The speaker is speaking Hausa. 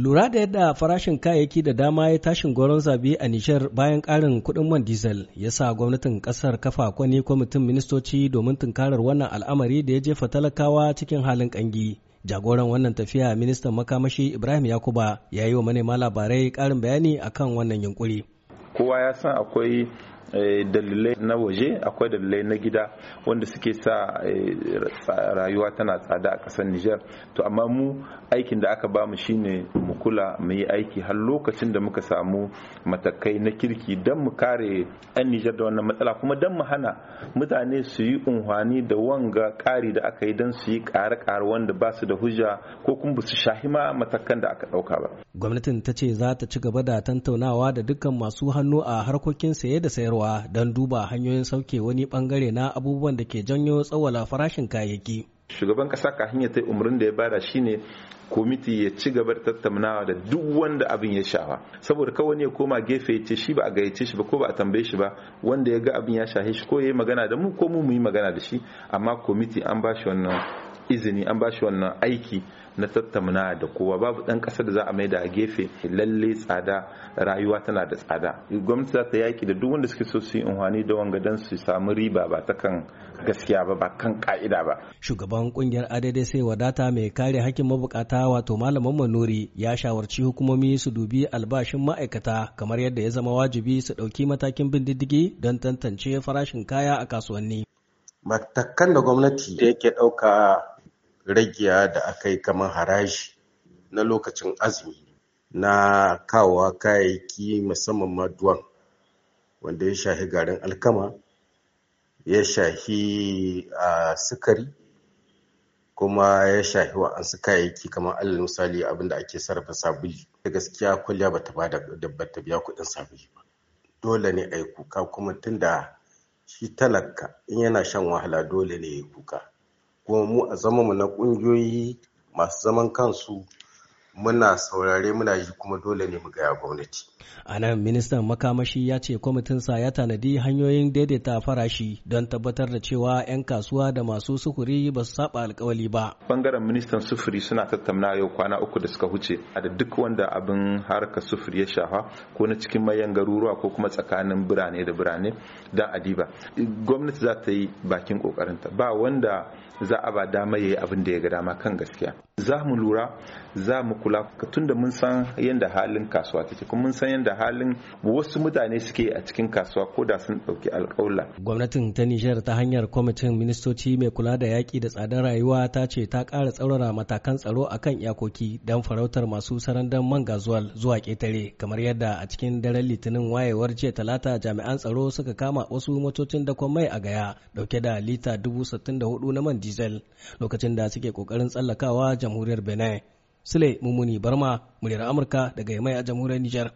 Lura da yadda farashin kayayyaki da dama ya tashin goron zabi a Nijar bayan ƙarin kuɗin man diesel ya sa gwamnatin ƙasar kafa kwani kwamitin ministoci domin tunkarar wannan al'amari da ya jefa talakawa cikin halin ƙangi. Jagoran wannan tafiya ministan makamashi Ibrahim Yakuba ya yi wa manema labarai ƙarin bayani akan wannan yunkuri. Kowa ya san akwai Eh, dalilai na waje akwai dalilai na gida wanda suke sa eh, rayuwa tana tsada a ƙasar Nijar to amma mu aikin da aka ba mu shine mu kula mu yi aiki har lokacin da muka samu matakai na kirki don mu kare 'yan Nijar da wannan matsala kuma don mu hana mutane su yi unhwani da wanga ƙari da aka yi don su yi ƙare-ƙare wanda ba su da hujja ko kuma ba su shahima matakan da aka ɗauka ba. gwamnatin ta ce za ta ci gaba da tantaunawa da dukkan masu hannu a harkokin saye da sayarwa don duba hanyoyin sauke wani bangare na abubuwan da ke janyo tsawala farashin kayayyaki shugaban kasa kafin ya ta umarnin da ya bada shine komiti ya ci gaba da tattaunawa da duk wanda abin ya shafa saboda kawai ne ya koma gefe ya ce shi ba a gayyace shi ba ko ba a tambaye shi ba wanda ya ga abin ya shahe shi ko ya yi magana da mu ko mu mu magana da shi amma komiti an ba shi wannan izini an ba shi wannan aiki na tattaunawa da kowa babu dan kasa da za a maida a gefe lalle tsada rayuwa tana da tsada gwamnati za ta yaki da duk wanda suke so su yi unhwani da wanga don su samu riba ba ta kan gaskiya ba ba kan ka'ida ba shugaban kungiyar adadai sai wadata mai kare hakkin mabukata ma'aikata wato malamin manuri ya shawarci hukumomi su dubi albashin ma'aikata kamar yadda ya zama wajibi su ɗauki matakin bin diddigi don tantance farashin kaya a kasuwanni. Matakan da gwamnati da yake ɗauka ragiya da aka yi kamar haraji na lokacin azumi na kawowa kayayyaki musamman maduwan wanda ya shahi garin alkama ya shahi a ah, sukari kuma ya shafi wa'ansu kayayyaki kamar alal misali abinda ake sarrafa sabuli da gaskiya kwalliya bata ba da bata biya kuɗin sabuli ba dole ne a yi kuka kuma tunda shi talaka in yana shan wahala dole ne ya yi kuka kuma mu a mu na ƙungiyoyi masu zaman kansu muna saurare muna ji kuma dole ne mu gaya gwamnati. A nan ministan makamashi ya ce kwamitinsa ya tanadi hanyoyin daidaita farashi don tabbatar da cewa 'yan kasuwa da masu sufuri ba su saba alkawali ba. Bangaren ministan sufuri suna tattauna yau kwana uku da suka huce a da duk wanda abin harkar sufuri ya shafa ko na cikin mayan garuruwa ko kuma tsakanin birane da birane da adiba. Gwamnati za ta yi bakin kokarinta ba wanda za a ba dama ya yi abin da ya ga dama kan gaskiya za mu lura za mu kula tun da mun san yadda halin kasuwa take kuma mun san yadda halin wasu mutane suke a cikin kasuwa ko da sun dauki alƙawla gwamnatin ta Nijar ta hanyar kwamitin ministoci mai kula da yaƙi da tsadar rayuwa ta ce ta ƙara tsaurara matakan tsaro a kan iyakoki don farautar masu sarandan man gazuwal zuwa ƙetare kamar yadda a cikin daren litinin wayewar jiya talata jami'an tsaro suka kama wasu motocin dakon mai a gaya dauke da lita dubu sittin da hudu na man diesel lokacin da suke kokarin tsallakawa jamhuriyar benin sule mummuni barma muryar amurka daga yamai a jamhuriyar niger